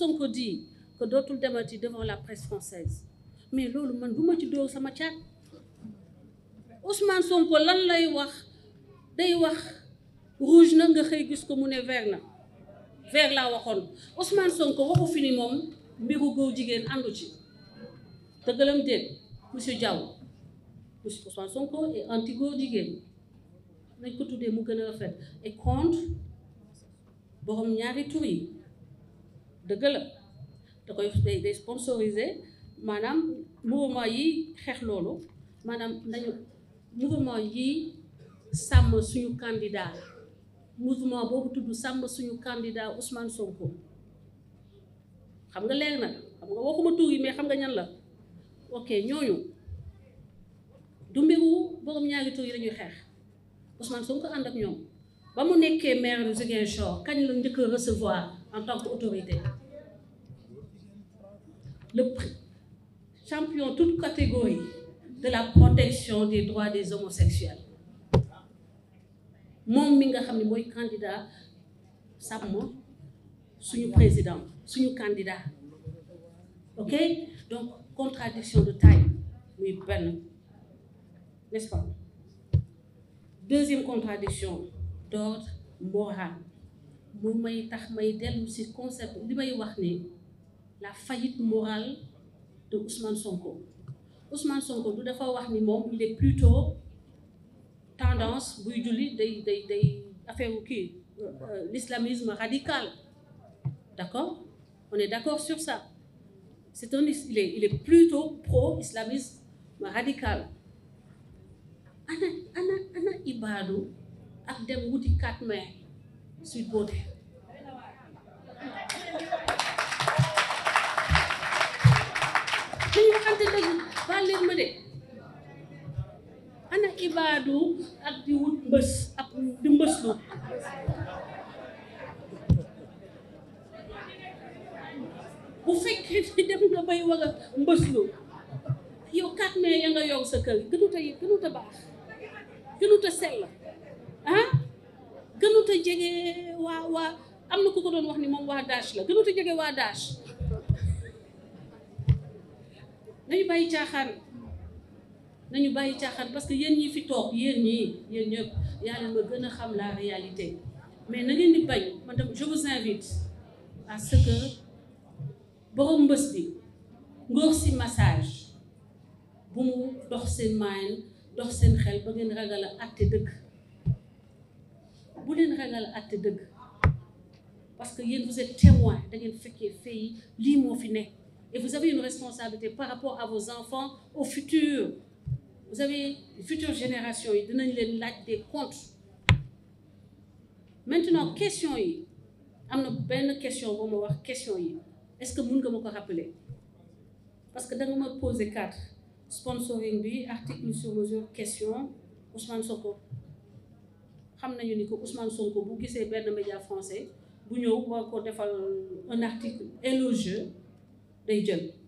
Sonko dit que dootul demati devant la presse française mais loolu man du ma ci dóor sama caat Ousmane Sonko lan lay wax day wax rouge na nga xëy gis ko mu ne ver na vert laa waxoon Ousmane Sonko waxu fi ni mbiru góor jigéen àndu ci dëggalam déet monsieur Diaw monsieur Ousmane Sonko est anti góor jigéen nañ ko tuddee mu gën a rafet et contre borom ñaari tur yi. dëgg la da koy day sponsoriser maanaam mouvement yi xeex loolu maanaam nañu mouvement yi sàmm suñu candidat mouvement boobu tudd sàmm suñu candidat Ousmane Sonko xam nga leer na xam nga ma tur yi mais xam nga ñan la ok ñooñu du mbiru borom ñaari tur yi lañuy xeex Ousmane Sonko ànd ak ñoom ba mu nekkee maire de Ziguinchor kañ la njëkk a recevoir en tant que autorité le champion toute catégorie de la protection des droits des homosexuels moom mi nga xam ne mooy candidat sàmm suñu président suñu candidat ok donc contradiction de taille muy benn n'est-ce pas deuxième contradiction d'ordre moral mu may tax may dellu si concept li may wax ni la faillite morale de Ousmane Sonko Ousmane Sonko du dafa wax ni moom il est plutôt tendance buy julli day day day kii euh, euh, l'islamisme radical d'accord on est d'accord sur ça c'est un il est il est pro-islamisme radical ana ana ana ibaadu ak dem wuti 4 mai suite boote waxante dëgg baal leen ma de ana ibaadu ak di mbës ak di mbës lu bu fekkee ni dem nga bay war a mbës lu yow kat mais ya nga yow sa kër gënut a gënut a baax gënut a sell ah gënut a jege waa waa am na ku ko doon wax ni moom waa dash la gënut a jege waa dash nañu bàyyi caaxaan nañu bàyyi caaxaan parce que yéen ñi fi toog yéen ñii yéen ñëpp yàlla ma gën a xam la réalité mais na di bañ man tam je vous invite à ce que borom mbës bi ngóor si massage bu mu dox seen maayen dox seen xel ba ngeen ragal a dëgg bu leen ragal a àtte dëgg parce que yéen vous êtes témoin da ngeen fekkee fay lii moo fi nekk Et vous avez une responsabilité par rapport à vos enfants, au futur. Vous avez les futures générations, ils donnent leen laaj des comptes. Maintenant, question yi am na benn question boo ma wax question yi est-ce que mun nga ma ko rappeler parce que da nga ma poser quatre sponsoring bi article sur mesure question Ousmane Sonko xam nañu ni ko Ousmane Sonko bu gisee benn média français bu ñëw war ko defal un article élogieux region